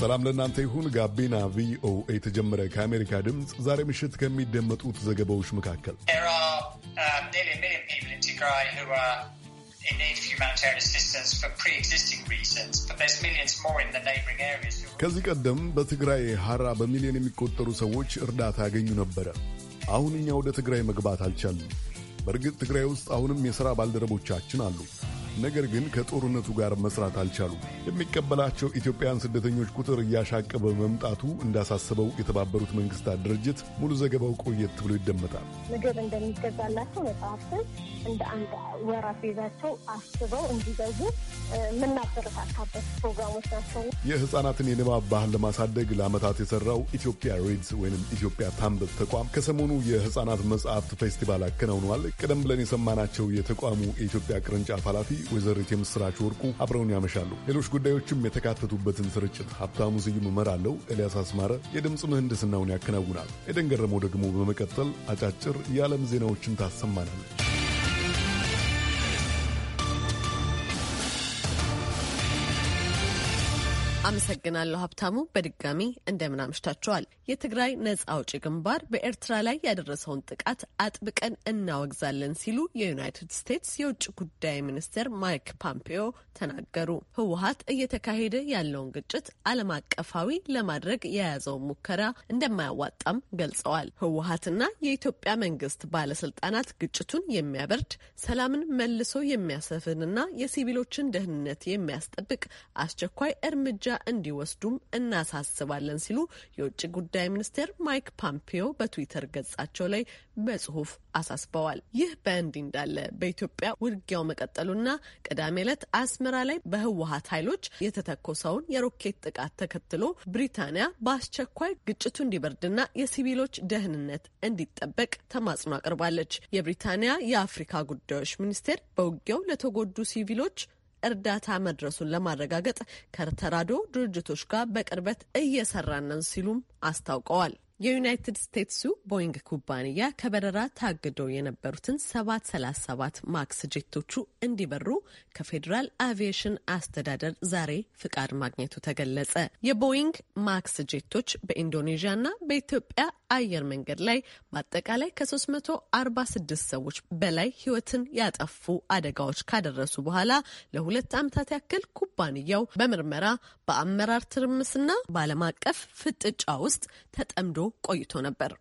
ሰላም ለእናንተ ይሁን። ጋቢና ቪኦኤ የተጀመረ ከአሜሪካ ድምፅ ዛሬ ምሽት ከሚደመጡት ዘገባዎች መካከል um, ከዚህ ቀደም በትግራይ ሐራ በሚሊዮን የሚቆጠሩ ሰዎች እርዳታ ያገኙ ነበረ። አሁን እኛ ወደ ትግራይ መግባት አልቻልንም። በእርግጥ ትግራይ ውስጥ አሁንም የሥራ ባልደረቦቻችን አሉ። ነገር ግን ከጦርነቱ ጋር መስራት አልቻሉም። የሚቀበላቸው ኢትዮጵያውያን ስደተኞች ቁጥር እያሻቀበ መምጣቱ እንዳሳሰበው የተባበሩት መንግስታት ድርጅት ሙሉ ዘገባው ቆየት ብሎ ይደመጣል። ምግብ እንደሚገዛላቸው መጽሐፍትን እንደ አንድ ወራት ይዛቸው አስበው እንዲገዙ የምናበረታታበት ፕሮግራሞች ናቸው። የህጻናትን የንባብ ባህል ለማሳደግ ለአመታት የሰራው ኢትዮጵያ ሬድስ ወይም ኢትዮጵያ ታንበብ ተቋም ከሰሞኑ የህጻናት መጽሐፍት ፌስቲቫል አከናውኗል። ቀደም ብለን የሰማናቸው የተቋሙ የኢትዮጵያ ቅርንጫፍ ኃላፊ ወይዘሪት የምስራች ወርቁ አብረውን ያመሻሉ። ሌሎች ጉዳዮችም የተካተቱበትን ስርጭት ሀብታሙ ስዩም እመራለሁ። ኤልያስ አስማረ የድምፅ ምህንድስናውን ያከናውናል። ኤደን ገረመው ደግሞ በመቀጠል አጫጭር የዓለም ዜናዎችን ታሰማናለች። አመሰግናለሁ ሀብታሙ። በድጋሚ እንደምን አምሽታችኋል። የትግራይ ነጻ አውጪ ግንባር በኤርትራ ላይ ያደረሰውን ጥቃት አጥብቀን እናወግዛለን ሲሉ የዩናይትድ ስቴትስ የውጭ ጉዳይ ሚኒስትር ማይክ ፖምፔዮ ተናገሩ። ህወሀት እየተካሄደ ያለውን ግጭት ዓለም አቀፋዊ ለማድረግ የያዘውን ሙከራ እንደማያዋጣም ገልጸዋል። ህወሀትና የኢትዮጵያ መንግስት ባለስልጣናት ግጭቱን የሚያበርድ ሰላምን መልሶ የሚያሰፍንና የሲቪሎችን ደህንነት የሚያስጠብቅ አስቸኳይ እርምጃ እንዲወስዱም እናሳስባለን ሲሉ የውጭ ጉዳይ ሚኒስቴር ማይክ ፓምፒዮ በትዊተር ገጻቸው ላይ በጽሁፍ አሳስበዋል። ይህ በእንዲህ እንዳለ በኢትዮጵያ ውጊያው መቀጠሉና ቅዳሜ ዕለት አስመራ ላይ በህወሀት ኃይሎች የተተኮሰውን የሮኬት ጥቃት ተከትሎ ብሪታንያ በአስቸኳይ ግጭቱ እንዲበርድና የሲቪሎች ደህንነት እንዲጠበቅ ተማጽኖ አቅርባለች። የብሪታንያ የአፍሪካ ጉዳዮች ሚኒስቴር በውጊያው ለተጎዱ ሲቪሎች እርዳታ መድረሱን ለማረጋገጥ ከተራድኦ ድርጅቶች ጋር በቅርበት እየሰራነን ሲሉም አስታውቀዋል። የዩናይትድ ስቴትሱ ቦይንግ ኩባንያ ከበረራ ታግደው የነበሩትን 737 ማክስ ጄቶቹ እንዲበሩ ከፌዴራል አቪዬሽን አስተዳደር ዛሬ ፍቃድ ማግኘቱ ተገለጸ። የቦይንግ ማክስ ጄቶች በኢንዶኔዥያና በኢትዮጵያ አየር መንገድ ላይ በአጠቃላይ ከ346 ሰዎች በላይ ህይወትን ያጠፉ አደጋዎች ካደረሱ በኋላ ለሁለት ዓመታት ያክል ኩባንያው በምርመራ በአመራር ትርምስና በዓለም አቀፍ ፍጥጫ ውስጥ ተጠምዶ ቆይቶ ነበር።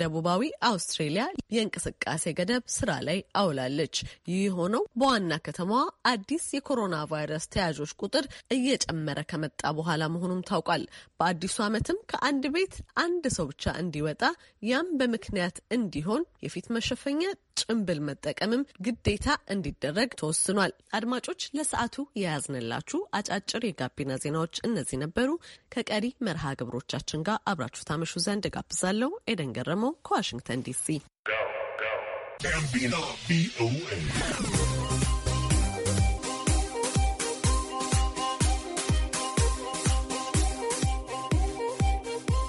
ደቡባዊ አውስትሬሊያ የእንቅስቃሴ ገደብ ስራ ላይ አውላለች። ይህ ሆነው በዋና ከተማዋ አዲስ የኮሮና ቫይረስ ተያዦች ቁጥር እየጨመረ ከመጣ በኋላ መሆኑም ታውቋል። በአዲሱ ዓመትም ከአንድ ቤት አንድ ሰው ብቻ እንዲወጣ ያም በምክንያት እንዲሆን የፊት መሸፈኛ ጭንብል መጠቀምም ግዴታ እንዲደረግ ተወስኗል። አድማጮች፣ ለሰዓቱ የያዝንላችሁ አጫጭር የጋቢና ዜናዎች እነዚህ ነበሩ። ከቀሪ መርሃ ግብሮቻችን ጋር አብራችሁ ታመሹ ዘንድ ጋብዛለሁ። ኤደን ገረመ ገረመው ከዋሽንግተን ዲሲ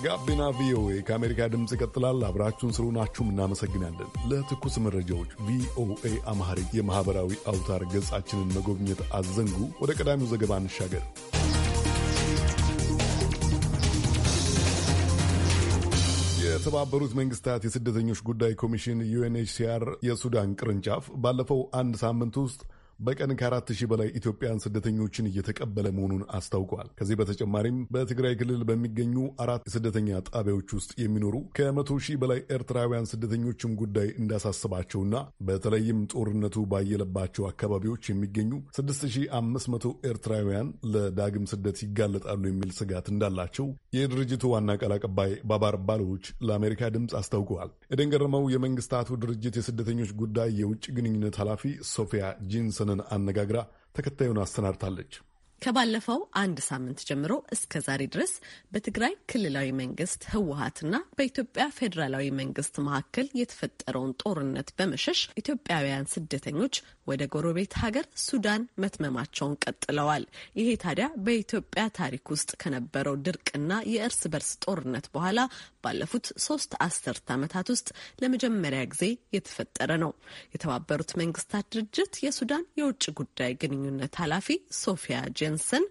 ጋቢና ቪኦኤ ከአሜሪካ ድምፅ ይቀጥላል። አብራችሁን ስለሆናችሁም እናመሰግናለን። ለትኩስ መረጃዎች ቪኦኤ አማርኛ የማኅበራዊ አውታር ገጻችንን መጎብኘት አዘንጉ። ወደ ቀዳሚው ዘገባ እንሻገር። የተባበሩት መንግስታት የስደተኞች ጉዳይ ኮሚሽን ዩኤንኤችሲአር የሱዳን ቅርንጫፍ ባለፈው አንድ ሳምንት ውስጥ በቀን ከአራት ሺህ በላይ ኢትዮጵያን ስደተኞችን እየተቀበለ መሆኑን አስታውቋል። ከዚህ በተጨማሪም በትግራይ ክልል በሚገኙ አራት የስደተኛ ጣቢያዎች ውስጥ የሚኖሩ ከመቶ ሺህ በላይ ኤርትራውያን ስደተኞችም ጉዳይ እንዳሳስባቸውና በተለይም ጦርነቱ ባየለባቸው አካባቢዎች የሚገኙ 6500 ኤርትራውያን ለዳግም ስደት ይጋለጣሉ የሚል ስጋት እንዳላቸው የድርጅቱ ዋና ቃል አቀባይ ባባር ባሎች ለአሜሪካ ድምፅ አስታውቀዋል። ኤደን ገረመው የመንግስታቱ ድርጅት የስደተኞች ጉዳይ የውጭ ግንኙነት ኃላፊ ሶፊያ ጂንሰን መኮንን አነጋግራ ተከታዩን አሰናድታለች። ከባለፈው አንድ ሳምንት ጀምሮ እስከ ዛሬ ድረስ በትግራይ ክልላዊ መንግስት ህወሀትና በኢትዮጵያ ፌዴራላዊ መንግስት መካከል የተፈጠረውን ጦርነት በመሸሽ ኢትዮጵያውያን ስደተኞች ወደ ጎረቤት ሀገር ሱዳን መትመማቸውን ቀጥለዋል። ይሄ ታዲያ በኢትዮጵያ ታሪክ ውስጥ ከነበረው ድርቅና የእርስ በርስ ጦርነት በኋላ ባለፉት ሶስት አስርት ዓመታት ውስጥ ለመጀመሪያ ጊዜ የተፈጠረ ነው። የተባበሩት መንግስታት ድርጅት የሱዳን የውጭ ጉዳይ ግንኙነት ኃላፊ ሶፊያ ጀን። ጆንሰን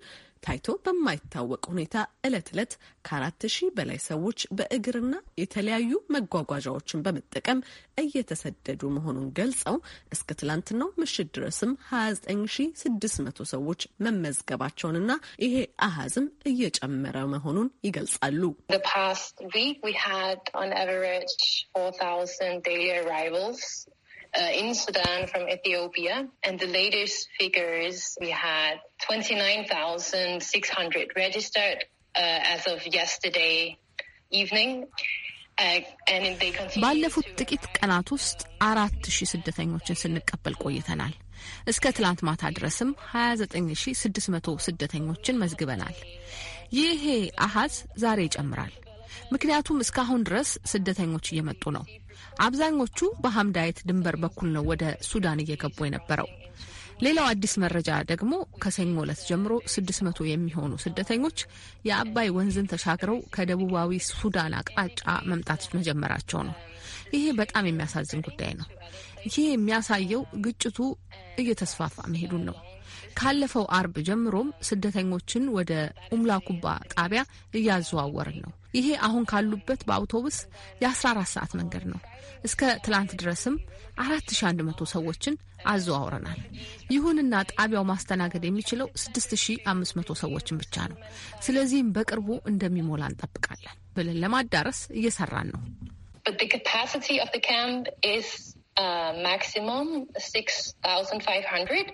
ታይቶ በማይታወቅ ሁኔታ ዕለት ዕለት ከአራት ሺህ በላይ ሰዎች በእግርና የተለያዩ መጓጓዣዎችን በመጠቀም እየተሰደዱ መሆኑን ገልጸው እስከ ትላንትናው ምሽት ድረስም 29600 ሰዎች መመዝገባቸውንና ይሄ አሃዝም እየጨመረ መሆኑን ይገልጻሉ። Uh, in Sudan from Ethiopia. And the latest figures, we had 29,600 registered uh, as of yesterday evening. Uh, ባለፉት ጥቂት ቀናት ውስጥ አራት ሺህ ስደተኞችን ስንቀበል ቆይተናል። እስከ ትላንት ማታ ድረስም 29600 ስደተኞችን መዝግበናል። ይሄ አሀዝ ዛሬ ይጨምራል። ምክንያቱም እስካሁን ድረስ ስደተኞች እየመጡ ነው። አብዛኞቹ በሀምዳየት ድንበር በኩል ነው ወደ ሱዳን እየገቡ የነበረው። ሌላው አዲስ መረጃ ደግሞ ከሰኞ ዕለት ጀምሮ 600 የሚሆኑ ስደተኞች የአባይ ወንዝን ተሻግረው ከደቡባዊ ሱዳን አቅጣጫ መምጣት መጀመራቸው ነው። ይሄ በጣም የሚያሳዝን ጉዳይ ነው። ይህ የሚያሳየው ግጭቱ እየተስፋፋ መሄዱን ነው። ካለፈው አርብ ጀምሮም ስደተኞችን ወደ ኡምላኩባ ጣቢያ እያዘዋወርን ነው። ይሄ አሁን ካሉበት በአውቶቡስ የ14 ሰዓት መንገድ ነው። እስከ ትላንት ድረስም 4100 ሰዎችን አዘዋውረናል። ይሁንና ጣቢያው ማስተናገድ የሚችለው 6500 ሰዎችን ብቻ ነው። ስለዚህም በቅርቡ እንደሚሞላ እንጠብቃለን ብለን ለማዳረስ እየሰራን ነው። ማክሲሙም 6500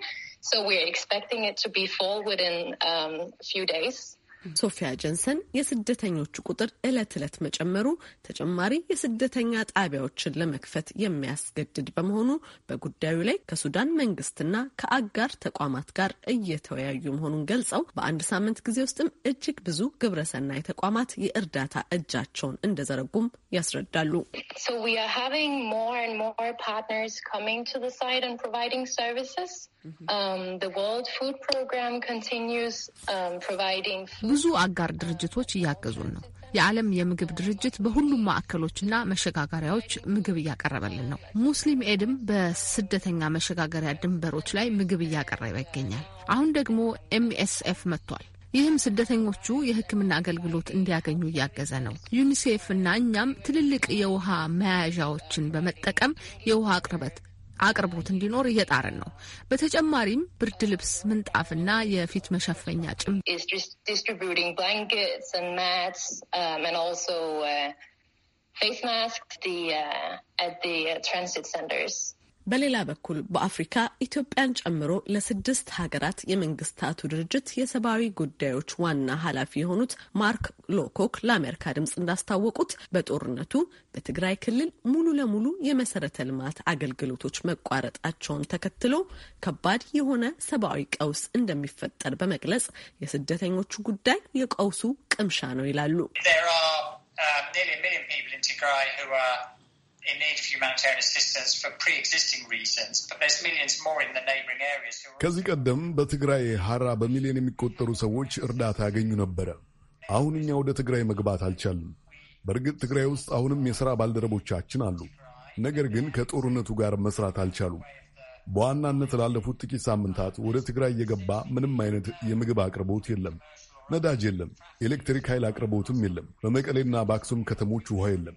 ሶፊያ ጀንሰን የስደተኞቹ ቁጥር ዕለት ዕለት መጨመሩ ተጨማሪ የስደተኛ ጣቢያዎችን ለመክፈት የሚያስገድድ በመሆኑ በጉዳዩ ላይ ከሱዳን መንግስትና ከአጋር ተቋማት ጋር እየተወያዩ መሆኑን ገልጸው በአንድ ሳምንት ጊዜ ውስጥም እጅግ ብዙ ግብረሰናይ ተቋማት የእርዳታ እጃቸውን እንደዘረጉም ያስረዳሉ። ሶ ዊ አር ሃቪንግ ሞር ኤንድ ሞር ፓርትነርስ Um, um, ብዙ አጋር ድርጅቶች እያገዙን ነው። የዓለም የምግብ ድርጅት በሁሉም ማዕከሎችና መሸጋገሪያዎች ምግብ እያቀረበልን ነው። ሙስሊም ኤድም በስደተኛ መሸጋገሪያ ድንበሮች ላይ ምግብ እያቀረበ ይገኛል። አሁን ደግሞ ኤምኤስኤፍ መጥቷል። ይህም ስደተኞቹ የሕክምና አገልግሎት እንዲያገኙ እያገዘ ነው። ዩኒሴፍ እና እኛም ትልልቅ የውሃ መያዣዎችን በመጠቀም የውሃ አቅርበት አቅርቦት እንዲኖር እየጣርን ነው። በተጨማሪም ብርድ ልብስ፣ ምንጣፍና የፊት መሸፈኛ ጭም ፌስ ማስክ um, uh, at the uh, uh, በሌላ በኩል በአፍሪካ ኢትዮጵያን ጨምሮ ለስድስት ሀገራት የመንግስታቱ ድርጅት የሰብአዊ ጉዳዮች ዋና ኃላፊ የሆኑት ማርክ ሎኮክ ለአሜሪካ ድምፅ እንዳስታወቁት በጦርነቱ በትግራይ ክልል ሙሉ ለሙሉ የመሰረተ ልማት አገልግሎቶች መቋረጣቸውን ተከትሎ ከባድ የሆነ ሰብአዊ ቀውስ እንደሚፈጠር በመግለጽ የስደተኞቹ ጉዳይ የቀውሱ ቅምሻ ነው ይላሉ። um, ከዚህ ቀደም በትግራይ ሀራ በሚሊዮን የሚቆጠሩ ሰዎች እርዳታ ያገኙ ነበረ። አሁን እኛ ወደ ትግራይ መግባት አልቻልም። በእርግጥ ትግራይ ውስጥ አሁንም የሥራ ባልደረቦቻችን አሉ፣ ነገር ግን ከጦርነቱ ጋር መስራት አልቻሉም። በዋናነት ላለፉት ጥቂት ሳምንታት ወደ ትግራይ የገባ ምንም አይነት የምግብ አቅርቦት የለም። ነዳጅ የለም። ኤሌክትሪክ ኃይል አቅርቦትም የለም። በመቀሌና በአክሱም ከተሞች ውሃ የለም።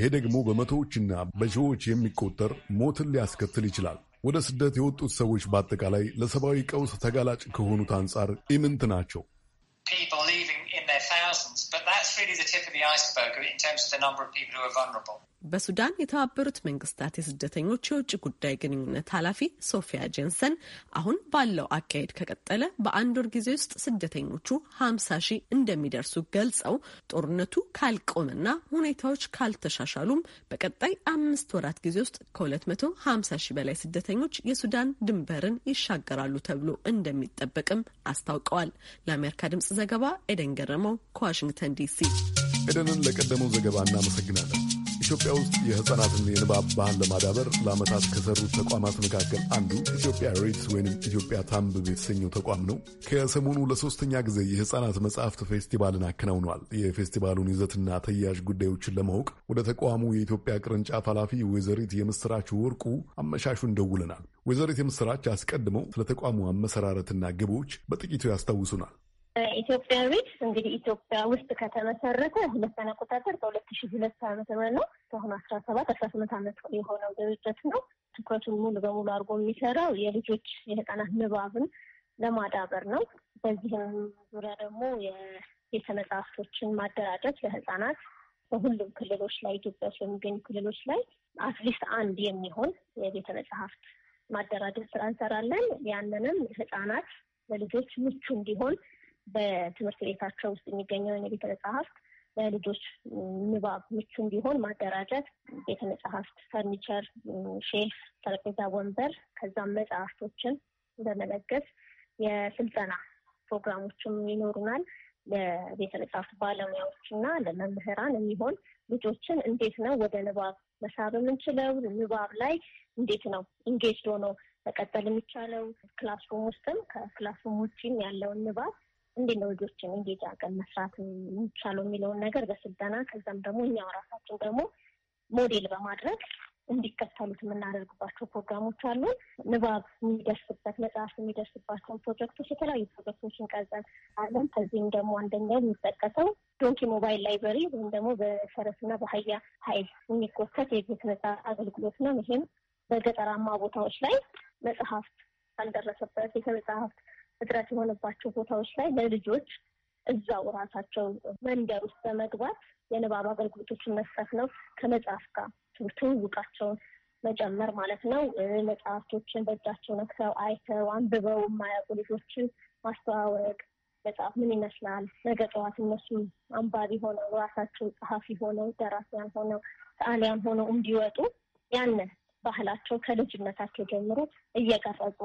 ይሄ ደግሞ በመቶዎችና በሺዎች የሚቆጠር ሞትን ሊያስከትል ይችላል። ወደ ስደት የወጡት ሰዎች በአጠቃላይ ለሰብአዊ ቀውስ ተጋላጭ ከሆኑት አንጻር ኢምንት ናቸው። በሱዳን የተባበሩት መንግስታት የስደተኞች የውጭ ጉዳይ ግንኙነት ኃላፊ ሶፊያ ጄንሰን አሁን ባለው አካሄድ ከቀጠለ በአንድ ወር ጊዜ ውስጥ ስደተኞቹ ሀምሳ ሺህ እንደሚደርሱ ገልጸው ጦርነቱ ካልቆመና ሁኔታዎች ካልተሻሻሉም በቀጣይ አምስት ወራት ጊዜ ውስጥ ከሁለት መቶ ሀምሳ ሺህ በላይ ስደተኞች የሱዳን ድንበርን ይሻገራሉ ተብሎ እንደሚጠበቅም አስታውቀዋል። ለአሜሪካ ድምጽ ዘገባ ኤደን ገረመው ከዋሽንግተን ዲሲ ኤደንን ለቀደመው ዘገባ እናመሰግናለን። ኢትዮጵያ ውስጥ የሕፃናትን የንባብ ባህል ለማዳበር ለዓመታት ከሰሩት ተቋማት መካከል አንዱ ኢትዮጵያ ሬድስ ወይንም ኢትዮጵያ ታንብብ የተሰኘው ተቋም ነው። ከሰሞኑ ለሶስተኛ ጊዜ የሕፃናት መጽሐፍት ፌስቲቫልን አከናውኗል። የፌስቲቫሉን ይዘትና ተያያዥ ጉዳዮችን ለማወቅ ወደ ተቋሙ የኢትዮጵያ ቅርንጫፍ ኃላፊ ወይዘሪት የምስራች ወርቁ አመሻሹን ደውለናል። ወይዘሪት የምስራች አስቀድመው ስለ ተቋሙ አመሰራረትና ግቦች በጥቂቱ ያስታውሱናል። ኢትዮጵያዊት እንግዲህ ኢትዮጵያ ውስጥ ከተመሰረተ ሁለተኛ አቆጣጠር በሁለት ሺ ሁለት ዓመተ ምህረት ነው። እስካሁን አስራ ሰባት አስራ ስምንት ዓመት የሆነው ድርጅት ነው። ትኩረቱን ሙሉ በሙሉ አድርጎ የሚሰራው የልጆች የህፃናት ንባብን ለማዳበር ነው። በዚህም ዙሪያ ደግሞ የቤተ መጽሐፍቶችን ማደራጀት ለህፃናት በሁሉም ክልሎች ላይ ኢትዮጵያ ውስጥ በሚገኙ ክልሎች ላይ አትሊስት አንድ የሚሆን የቤተ መጽሐፍት ማደራጀት ስራ እንሰራለን። ያንንም ህፃናት ለልጆች ምቹ እንዲሆን በትምህርት ቤታቸው ውስጥ የሚገኘውን የቤተ መጽሐፍት ለልጆች ንባብ ምቹ እንዲሆን ማደራጀት፣ ቤተ መጽሐፍት፣ ፈርኒቸር፣ ሼልፍ፣ ጠረጴዛ፣ ወንበር ከዛም መጽሐፍቶችን በመለገስ የስልጠና ፕሮግራሞችም ይኖሩናል። ለቤተ መጽሐፍት ባለሙያዎች እና ለመምህራን የሚሆን ልጆችን እንዴት ነው ወደ ንባብ መሳብ የምንችለው፣ ንባብ ላይ እንዴት ነው ኢንጌጅ ሆኖ መቀጠል የሚቻለው፣ ክላስሩም ውስጥም ከክላስሩም ውጪም ያለውን ንባብ እንዴት ነው ልጆችን አቀን መስራት የሚቻለው የሚለውን ነገር በስልጠና ከዛም ደግሞ እኛው ራሳችን ደግሞ ሞዴል በማድረግ እንዲከተሉት የምናደርግባቸው ፕሮግራሞች አሉ። ንባብ የሚደርስበት መጽሐፍ የሚደርስባቸውን ፕሮጀክቶች የተለያዩ ፕሮጀክቶችን ቀርጸን አለን። ከዚህም ደግሞ አንደኛው የሚጠቀሰው ዶንኪ ሞባይል ላይብረሪ ወይም ደግሞ በፈረስና በአህያ ኃይል የሚጎተት የቤት መጽሐፍ አገልግሎት ነው። ይህም በገጠራማ ቦታዎች ላይ መጽሐፍት ካልደረሰበት ቤተ መጽሐፍት እጥረት የሆነባቸው ቦታዎች ላይ ለልጆች እዛው ራሳቸው መንደር ውስጥ በመግባት የንባብ አገልግሎቶችን መስጠት ነው። ከመጽሐፍ ጋር ትውውቃቸውን መጨመር ማለት ነው። መጽሐፍቶችን በእጃቸው ነክተው አይተው አንብበው የማያውቁ ልጆችን ማስተዋወቅ መጽሐፍ ምን ይመስላል፣ ነገ ጠዋት እነሱ አንባቢ ሆነው ራሳቸው ጸሐፊ ሆነው ደራሲያን ሆነው ሰዓሊያን ሆነው እንዲወጡ ያንን ባህላቸው ከልጅነታቸው ጀምሮ እየቀረጹ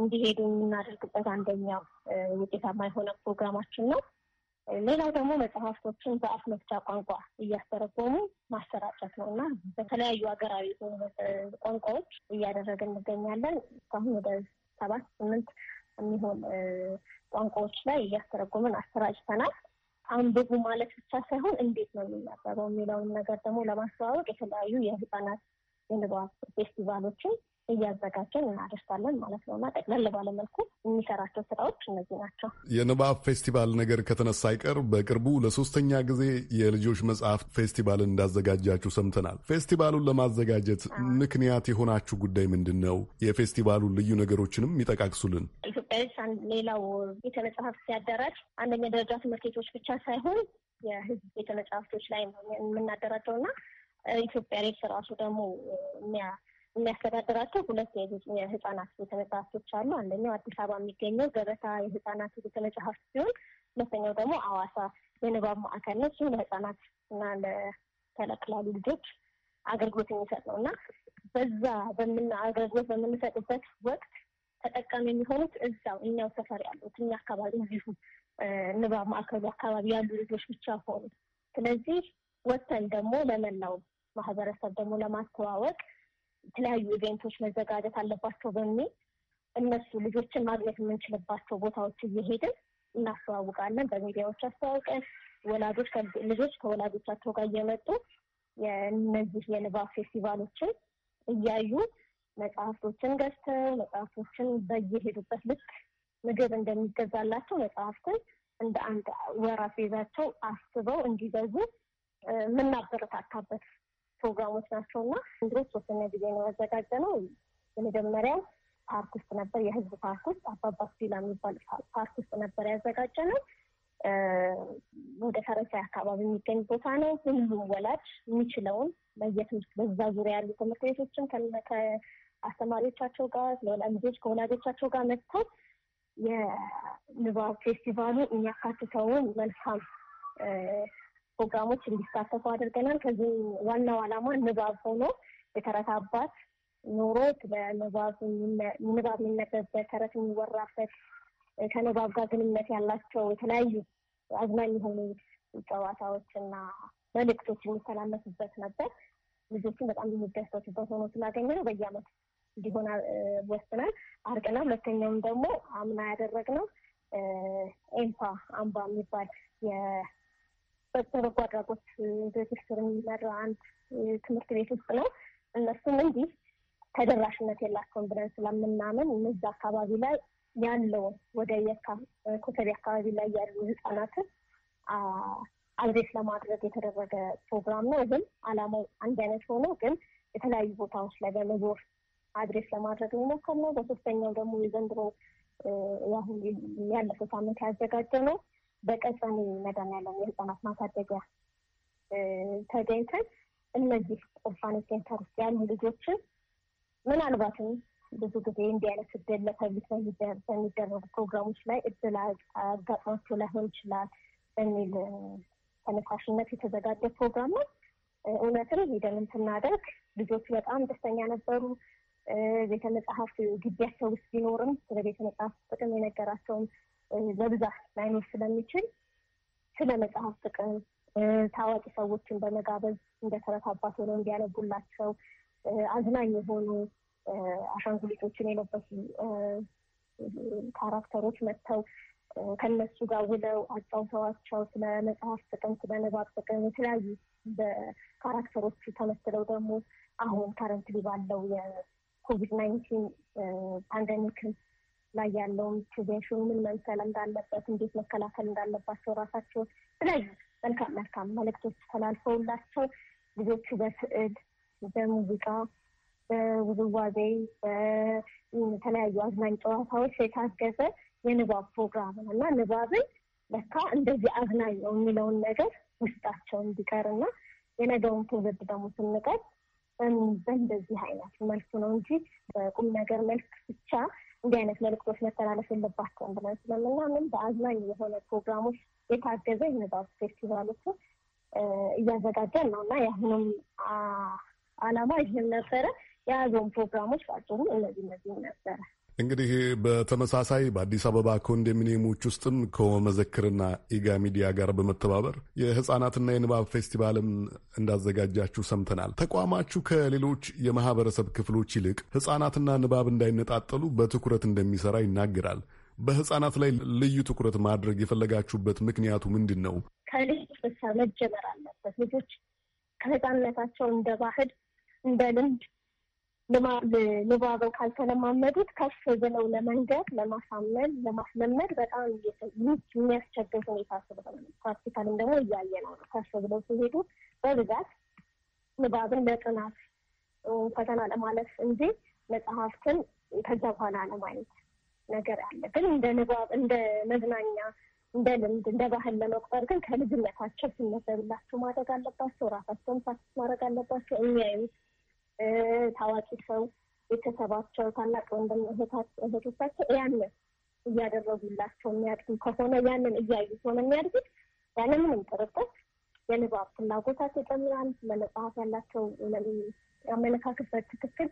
እንዲሄዱ የምናደርግበት አንደኛው ውጤታማ የሆነ ፕሮግራማችን ነው። ሌላው ደግሞ መጽሐፍቶችን በአፍ መፍቻ ቋንቋ እያስተረጎሙ ማሰራጨት ነው እና በተለያዩ ሀገራዊ ቋንቋዎች እያደረግን እንገኛለን። እስካሁን ወደ ሰባት ስምንት የሚሆን ቋንቋዎች ላይ እያስተረጎምን አሰራጭተናል። አንብቡ ማለት ብቻ ሳይሆን እንዴት ነው የሚነበበው የሚለውን ነገር ደግሞ ለማስተዋወቅ የተለያዩ የህፃናት የንባብ ፌስቲቫሎችን እያዘጋጀን እናደርሳለን ማለት ነው እና ጠቅለል ባለመልኩ የሚሰራቸው ስራዎች እነዚህ ናቸው። የንባብ ፌስቲቫል ነገር ከተነሳ አይቀር በቅርቡ ለሶስተኛ ጊዜ የልጆች መጽሐፍ ፌስቲቫልን እንዳዘጋጃችሁ ሰምተናል። ፌስቲቫሉን ለማዘጋጀት ምክንያት የሆናችሁ ጉዳይ ምንድን ነው? የፌስቲቫሉ ልዩ ነገሮችንም ይጠቃቅሱልን። ኢትዮጵያ ሌላው ቤተመጽሐፍ ሲያደራጅ አንደኛ ደረጃ ትምህርት ቤቶች ብቻ ሳይሆን የህዝብ መጽሐፍቶች ላይ የምናደራጀው እና ኢትዮጵያ ሬድ ራሱ ደግሞ የሚያስተዳድራቸው ሁለት የህጻናት ቤተመጽሐፍቶች አሉ። አንደኛው አዲስ አበባ የሚገኘው ገበታ የህጻናት ቤተመጽሐፍት ሲሆን ሁለተኛው ደግሞ አዋሳ የንባብ ማዕከል ነው። እሱ ለህጻናት እና ለተለቅላሉ ልጆች አገልግሎት የሚሰጥ ነው እና በዛ በምና አገልግሎት በምንሰጥበት ወቅት ተጠቃሚ የሚሆኑት እዛው እኛው ሰፈር ያሉት እኛ አካባቢ እዚሁ ንባብ ማዕከሉ አካባቢ ያሉ ልጆች ብቻ ሆኑ። ስለዚህ ወጥተን ደግሞ ለመላው ማህበረሰብ ደግሞ ለማስተዋወቅ የተለያዩ ኢቬንቶች መዘጋጀት አለባቸው በሚል እነሱ ልጆችን ማግኘት የምንችልባቸው ቦታዎች እየሄድን እናስተዋውቃለን። በሚዲያዎች አስተዋውቀን ወላጆች ልጆች ከወላጆቻቸው ጋር እየመጡ የእነዚህ የንባብ ፌስቲቫሎችን እያዩ መጽሐፍቶችን ገዝተው መጽሐፍቶችን በየሄዱበት ልክ ምግብ እንደሚገዛላቸው መጽሐፍትን እንደ አንድ ወራት ቤዛቸው አስበው እንዲገዙ የምናበረታታበት ፕሮግራሞች ናቸው እና እንግዲህ ሶስተኛ ጊዜ ነው ያዘጋጀ ነው። የመጀመሪያው ፓርክ ውስጥ ነበር፣ የህዝብ ፓርክ ውስጥ አባባ ቢላ የሚባል ፓርክ ውስጥ ነበር ያዘጋጀ ነው። ወደ ፈረንሳይ አካባቢ የሚገኝ ቦታ ነው። ሁሉም ወላጅ የሚችለውን በየትምህርት በዛ ዙሪያ ያሉ ትምህርት ቤቶችን ከአስተማሪዎቻቸው ጋር ለወላጆች ከወላጆቻቸው ጋር መጥተው የንባብ ፌስቲቫሉ የሚያካትተውን መልካም ፕሮግራሞች እንዲሳተፉ አድርገናል። ከዚህ ዋናው ዓላማ ንባብ ሆኖ የተረት አባት ኖሮት ንባብ የሚነበብበት ተረት የሚወራበት ከንባብ ጋር ግንኙነት ያላቸው የተለያዩ አዝናኝ የሆኑ ጨዋታዎች እና መልእክቶች የሚተላለፉበት ነበር። ልጆችን በጣም የሚደሰቱበት ሆኖ ነው በየዓመቱ እንዲሆን ወስናል አርቅና ሁለተኛውም ደግሞ አምና ያደረግነው ኤምፓ አምባ የሚባል በበጎ አድራጎት ድርጅት ስር የሚመራ አንድ ትምህርት ቤት ውስጥ ነው። እነሱም እንዲህ ተደራሽነት የላቸውን ብለን ስለምናምን እነዚ አካባቢ ላይ ያለውን ወደ የካ ኮተቤ አካባቢ ላይ ያሉ ህጻናትን አድሬስ ለማድረግ የተደረገ ፕሮግራም ነው። ግን አላማው አንድ አይነት ሆኖ ግን የተለያዩ ቦታዎች ላይ በመዞር አድሬስ ለማድረግ የሚሞከር ነው። በሶስተኛው ደግሞ የዘንድሮ ያሁን ያለፈው ሳምንት ያዘጋጀ ነው በቀጨኔ መድኃኒዓለም የህፃናት ማሳደጊያ ተገኝተን እነዚህ ቁፋኔ ሴንተር ውስጥ ያሉ ልጆችን ምናልባትም ብዙ ጊዜ እንዲህ አይነት እድል ለፐብሊክ በሚደረጉ ፕሮግራሞች ላይ እድል አጋጥሟቸው ላይሆን ይችላል በሚል ተነሳሽነት የተዘጋጀ ፕሮግራም ነው። እውነትም ሄደንም ስናደርግ ልጆቹ በጣም ደስተኛ ነበሩ። ቤተ መጽሐፍ ግቢያቸው ውስጥ ቢኖርም ስለ ቤተ መጽሐፍ ጥቅም የነገራቸውም በብዛት ላይኖር ስለሚችል ስለ መጽሐፍ ጥቅም ታዋቂ ሰዎችን በመጋበዝ እንደ ተረት አባት ሆነው እንዲያነቡላቸው አዝናኝ የሆኑ አሻንጉሊቶችን የለበሱ ካራክተሮች መጥተው ከነሱ ጋር ውለው አጫውተዋቸው ስለ መጽሐፍ ጥቅም፣ ስለ ንባብ ጥቅም የተለያዩ በካራክተሮቹ ተመስለው ደግሞ አሁን ከረንትሊ ባለው የኮቪድ ናይንቲን ፓንደሚክን ላይ ያለውን ፕሪቬንሽኑ ምን መምሰል እንዳለበት፣ እንዴት መከላከል እንዳለባቸው ራሳቸው የተለያዩ መልካም መልካም መልእክቶች ተላልፈውላቸው ልጆቹ በስዕል፣ በሙዚቃ፣ በውዝዋዜ፣ በተለያዩ አዝናኝ ጨዋታዎች የታገዘ የንባብ ፕሮግራም ነው እና ንባብን ለካ እንደዚህ አዝናኝ ነው የሚለውን ነገር ውስጣቸው እና የነገውን ትውልድ ደግሞ ስንቀር በእንደዚህ አይነት መልኩ ነው እንጂ በቁም ነገር መልክ ብቻ እንዲህ አይነት መልዕክቶች መተላለፍ የለባቸውም ብለን ስለምናምን በአዝናኝ የሆነ ፕሮግራሞች የታገዘ የንባብ ፌስቲቫሎችን እያዘጋጀን ነው እና የአሁኑም አላማ ይህም ነበረ። የያዘውን ፕሮግራሞች በአጭሩ እነዚህ እነዚህ ነበረ። እንግዲህ በተመሳሳይ በአዲስ አበባ ኮንዶሚኒየሞች ውስጥም ከመዘክርና ኢጋ ሚዲያ ጋር በመተባበር የህፃናትና የንባብ ፌስቲቫልም እንዳዘጋጃችሁ ሰምተናል። ተቋማችሁ ከሌሎች የማህበረሰብ ክፍሎች ይልቅ ህፃናትና ንባብ እንዳይነጣጠሉ በትኩረት እንደሚሰራ ይናገራል። በህፃናት ላይ ልዩ ትኩረት ማድረግ የፈለጋችሁበት ምክንያቱ ምንድን ነው? ከልጅ መጀመር አለበት። ልጆች ከህጻንነታቸው እንደ ባህል እንደ ልምድ ንባብን ካልተለማመዱት ከፍ ብለው ለመንገድ ለማሳመን ለማስለመድ በጣም የሚያስቸግር ሁኔታ ስለሆነ ፕራክቲካልም ደግሞ እያየ ነው። ከፍ ብለው ሲሄዱ በብዛት ንባብን ለጥናት ፈተና ለማለፍ እንጂ መጽሐፍትን ከዛ በኋላ ለማየት ነገር አለ። ግን እንደ ንባብ እንደ መዝናኛ እንደ ልምድ እንደ ባህል ለመቁጠር ግን ከልጅነታቸው ሲመዘብላቸው ማድረግ አለባቸው። ራሳቸውን ፓስ ማድረግ አለባቸው። የሚያዩት ታዋቂ ሰው ቤተሰባቸው፣ ታላቅ ወንድም እህቶቻቸው ያንን እያደረጉላቸው የሚያድጉ ከሆነ ያንን እያዩ ከሆነ የሚያድጉት ያለምንም ጥርጥር የንባብ ፍላጎታቸው ይጨምራል። ለመጽሐፍ ያላቸው አመለካከት በትክክል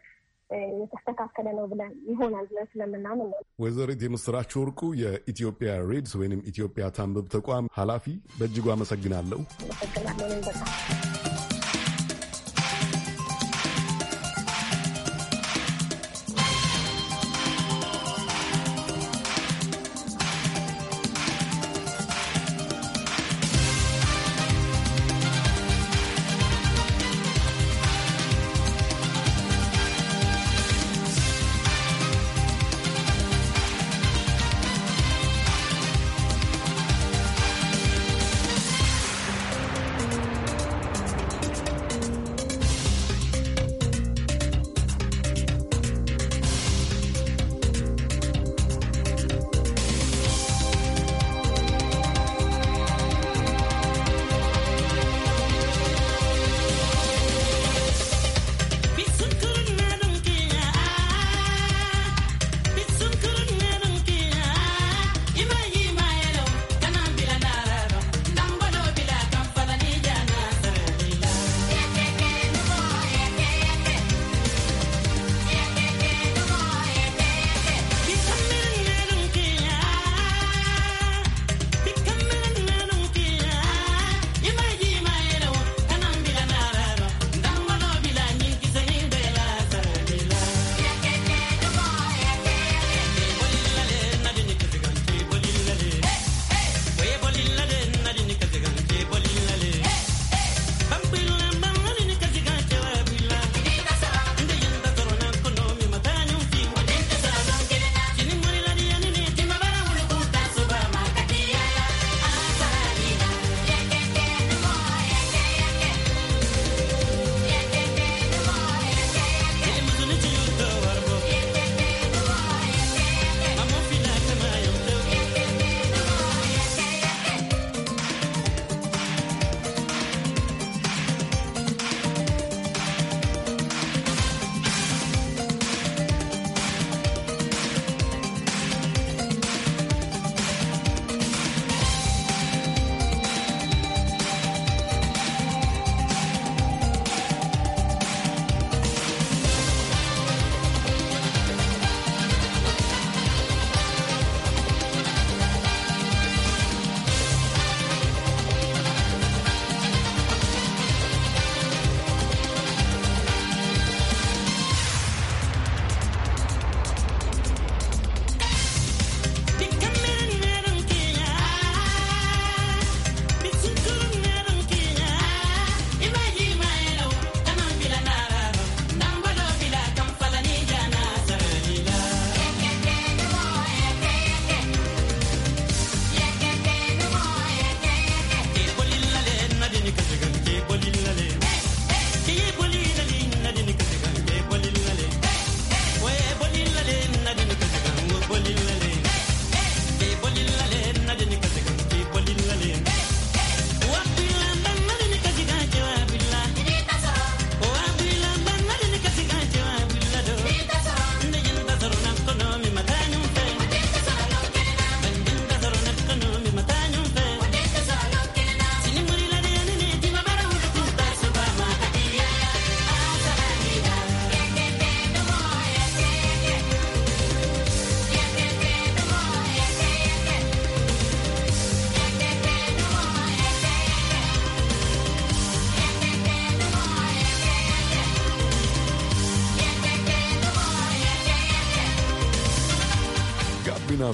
የተስተካከለ ነው ብለን ይሆናል ብለን ስለምናምን ነው። ወይዘሪት የምስራች ወርቁ የኢትዮጵያ ሬድስ ወይንም ኢትዮጵያ ታንብብ ተቋም ኃላፊ፣ በእጅጉ አመሰግናለሁ። አመሰግናለሁ በጣም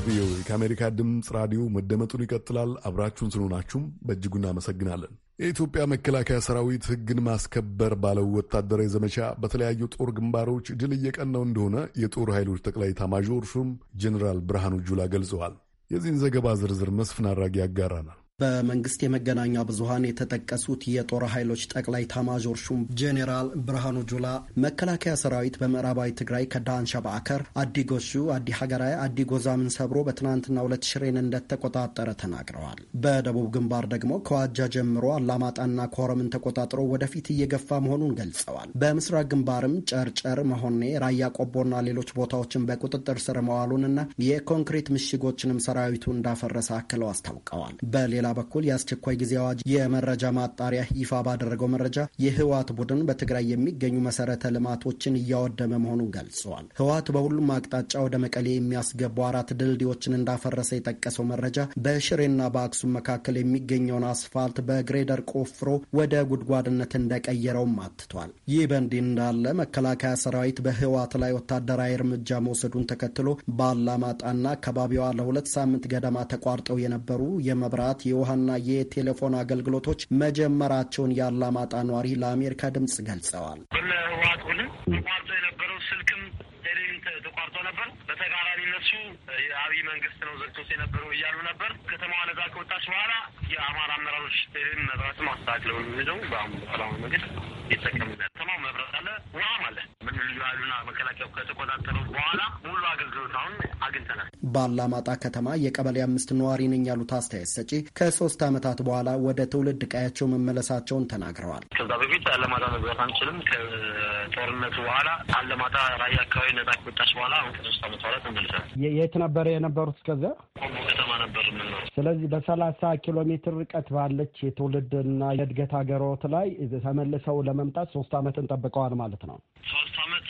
ቪኦኤ ከአሜሪካ ድምፅ ራዲዮ መደመጡን ይቀጥላል። አብራችሁን ስለሆናችሁም በእጅጉ እናመሰግናለን። የኢትዮጵያ መከላከያ ሰራዊት ሕግን ማስከበር ባለው ወታደራዊ ዘመቻ በተለያዩ ጦር ግንባሮች ድል እየቀናው እንደሆነ የጦር ኃይሎች ጠቅላይ ታማዦር ሹም ጀኔራል ብርሃኑ ጁላ ገልጸዋል። የዚህን ዘገባ ዝርዝር መስፍን አድራጊ ያጋራናል። በመንግስት የመገናኛ ብዙሀን የተጠቀሱት የጦር ኃይሎች ጠቅላይ ታማዦር ሹም ጄኔራል ብርሃኑ ጁላ መከላከያ ሰራዊት በምዕራባዊ ትግራይ ከዳንሻ ባአከር አዲ ጎሹ፣ አዲ ሀገራይ፣ አዲ ጎዛምን ሰብሮ በትናንትና ሁለት ሽሬን እንደተቆጣጠረ ተናግረዋል። በደቡብ ግንባር ደግሞ ከዋጃ ጀምሮ አላማጣና ኮረምን ተቆጣጥሮ ወደፊት እየገፋ መሆኑን ገልጸዋል። በምስራቅ ግንባርም ጨርጨር፣ መሆኔ፣ ራያ ቆቦና ሌሎች ቦታዎችን በቁጥጥር ስር መዋሉንና የኮንክሪት ምሽጎችንም ሰራዊቱ እንዳፈረሰ አክለው አስታውቀዋል። በሌላ በኩል የአስቸኳይ ጊዜ አዋጅ የመረጃ ማጣሪያ ይፋ ባደረገው መረጃ የህወሓት ቡድን በትግራይ የሚገኙ መሰረተ ልማቶችን እያወደመ መሆኑን ገልጸዋል። ህወሓት በሁሉም አቅጣጫ ወደ መቀሌ የሚያስገቡ አራት ድልድዮችን እንዳፈረሰ የጠቀሰው መረጃ በሽሬና በአክሱም መካከል የሚገኘውን አስፋልት በግሬደር ቆፍሮ ወደ ጉድጓድነት እንደቀየረውም አትቷል። ይህ በእንዲህ እንዳለ መከላከያ ሰራዊት በህወሓት ላይ ወታደራዊ እርምጃ መውሰዱን ተከትሎ ባላማጣና አካባቢዋ ለሁለት ሳምንት ገደማ ተቋርጠው የነበሩ የመብራት የውሃና የቴሌፎን አገልግሎቶች መጀመራቸውን የአላማጣ ነዋሪ ለአሜሪካ ድምጽ ገልጸዋል። ህወሀት የአብይ መንግስት ነው ዘግቶት የነበረው እያሉ ነበር። ከተማዋ ነዛ ከወጣች በኋላ የአማራ አመራሮች ቴሌን መብራት አስተካክለው የሚሄደው በአሁኑ ሰላማዊ መንገድ ይጠቀሙ። ከተማው መብራት አለ፣ ውሃም አለ። ምን ልዩ ኃይሉና መከላከያው ከተቆጣጠረው በኋላ ሙሉ አገልግሎት አሁን አግኝተናል። በአላማጣ ከተማ የቀበሌ አምስት ነዋሪ ነኝ ያሉት አስተያየት ሰጪ ከሶስት አመታት በኋላ ወደ ትውልድ ቀያቸው መመለሳቸውን ተናግረዋል። ከዛ በፊት አለማጣ መግባት አንችልም። ከጦርነቱ በኋላ አለማጣ ራያ አካባቢ ነጻ ከወጣች በኋላ አሁን ከሶስት አመት በኋላ ተመልሰናል። የት ነበረ የነበሩት? ከዚያ ቆቦ ከተማ ነበር የምንኖር። ስለዚህ በሰላሳ ኪሎ ሜትር ርቀት ባለች የትውልድና የእድገት ሀገሮት ላይ ተመልሰው ለመምጣት ሶስት አመትን ጠብቀዋል ማለት ነው። ሶስት አመት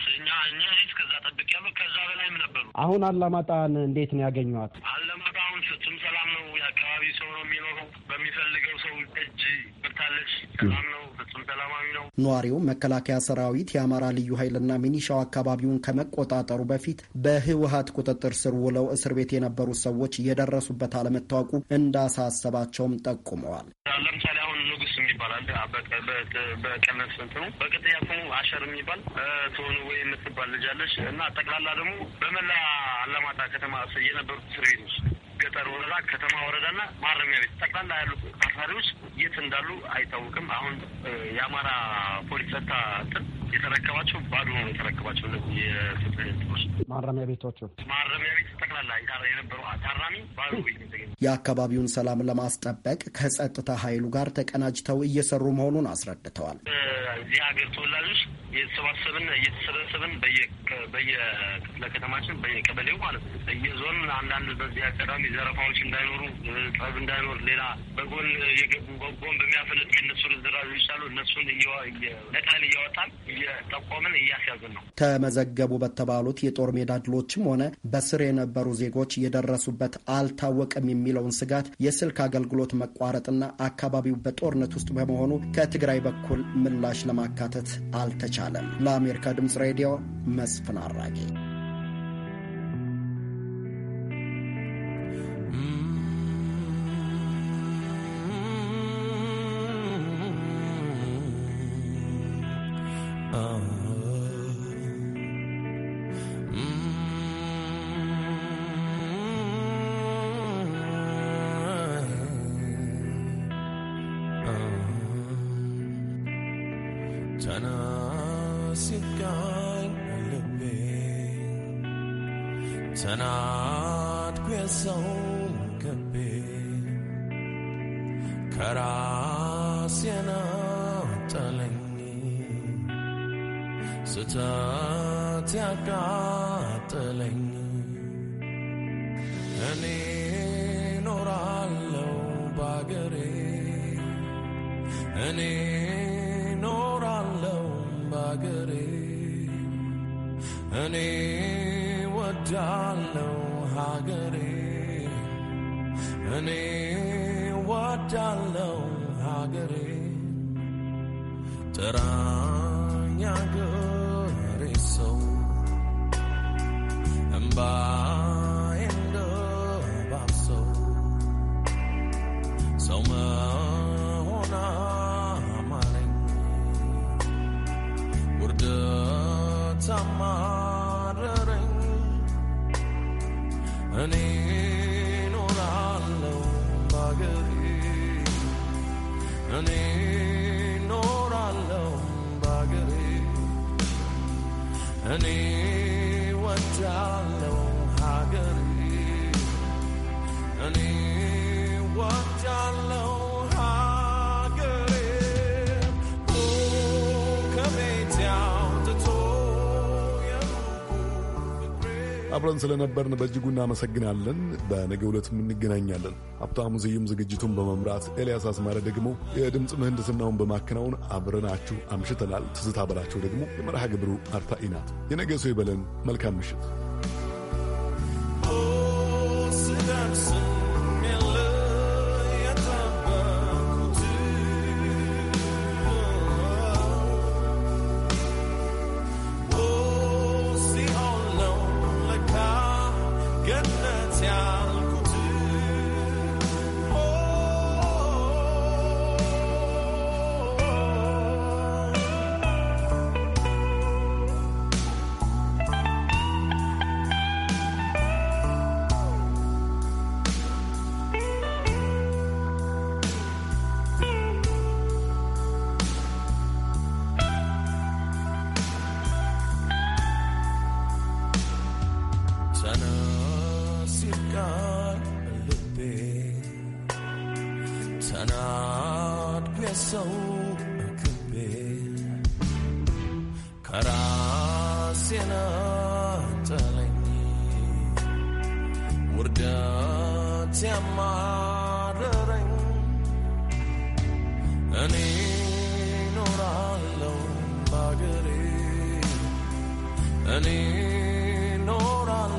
አሁን አላማጣን እንዴት ነው ያገኘዋት? አላማጣ አሁን ፍጹም ሰላም ነው። የአካባቢ ሰው ነው የሚኖረው። በሚፈልገው ሰው እጅ ብርታለች። ሰላም ነው። ሰላማዊ ነው። ነዋሪው መከላከያ ሰራዊት የአማራ ልዩ ኃይልና ሚኒሻው አካባቢውን ከመቆጣጠሩ በፊት በህወሀት ቁጥጥር ስር ውለው እስር ቤት የነበሩ ሰዎች የደረሱበት አለመታወቁ እንዳሳሰባቸውም ጠቁመዋል። ለምሳሌ አሁን ንጉስ የሚባላል አለ በቀነት ስንት ነው በቅጥያ ስሙ አሸር የሚባል ትሆኑ ወይ የምትባል ልጃለች እና ጠቅላላ ደግሞ በመላ አላማጣ ከተማ የነበሩት እስር ቤቶች ገጠር ወረዳ፣ ከተማ ወረዳና ማረሚያ ቤት ጠቅላላ ያሉ አሳሪዎች የት እንዳሉ አይታወቅም። አሁን የአማራ ፖሊስ ጸጥታ የተረከባቸው ባዶ ነው የተረከባቸው ማረሚያ ቤቶቹ ማረሚያ ቤት ጠቅላላ የነበረው ታራሚ ባዶ ቤት የአካባቢውን ሰላም ለማስጠበቅ ከጸጥታ ኃይሉ ጋር ተቀናጅተው እየሰሩ መሆኑን አስረድተዋል። እዚህ ሀገር ተወላጆች እየተሰባሰብን እየተሰበሰብን በየክፍለ ከተማችን በየቀበሌው ማለት ነው በየዞን አንዳንድ በዚህ አጋጣሚ ዘረፋዎች እንዳይኖሩ ጠብ እንዳይኖር ሌላ በጎን የገቡ በጎን በሚያፈነጥ የነሱ ርዝራዦች አሉ እነሱን ነቀለን እያወጣን እየጠቆምን እያስያዝን ነው። ተመዘገቡ በተባሉት የጦር ሜዳ ድሎችም ሆነ በስር የነበሩ ዜጎች የደረሱበት አልታወቀም የሚለውን ስጋት የስልክ አገልግሎት መቋረጥና አካባቢው በጦርነት ውስጥ በመሆኑ ከትግራይ በኩል ምላሽ ለማካተት አልተቻለም። ለአሜሪካ ድምጽ ሬዲዮ መስፍን አራጌ ስታት ያቃጠለኝ እኔ ኖራለው ባገሬ እኔ ኖራለው ባገሬ እኔ ወዳለው ሀገሬ እኔ ወዳለው ሀገሬ ጥራ አገሬ ሰው እምባዬን ደባብሰው ሰው መሆን አማረኝ ውርደት እኔ ኖራለሁ ባገሬ እኔ ኖራለሁ እኔ ወዳለው ሀገሬ እኔ አብረን ስለነበርን በእጅጉ እናመሰግናለን። በነገ ዕለትም እንገናኛለን። ሀብታሙ ስዩም ዝግጅቱን በመምራት ኤልያስ አስማረ ደግሞ የድምፅ ምህንድስናውን በማከናወን አብረናችሁ አምሽተናል። ትዝታ በላቸው ደግሞ የመርሃ ግብሩ አርታኢ ናት። የነገ ሰው ይበለን። መልካም ምሽት።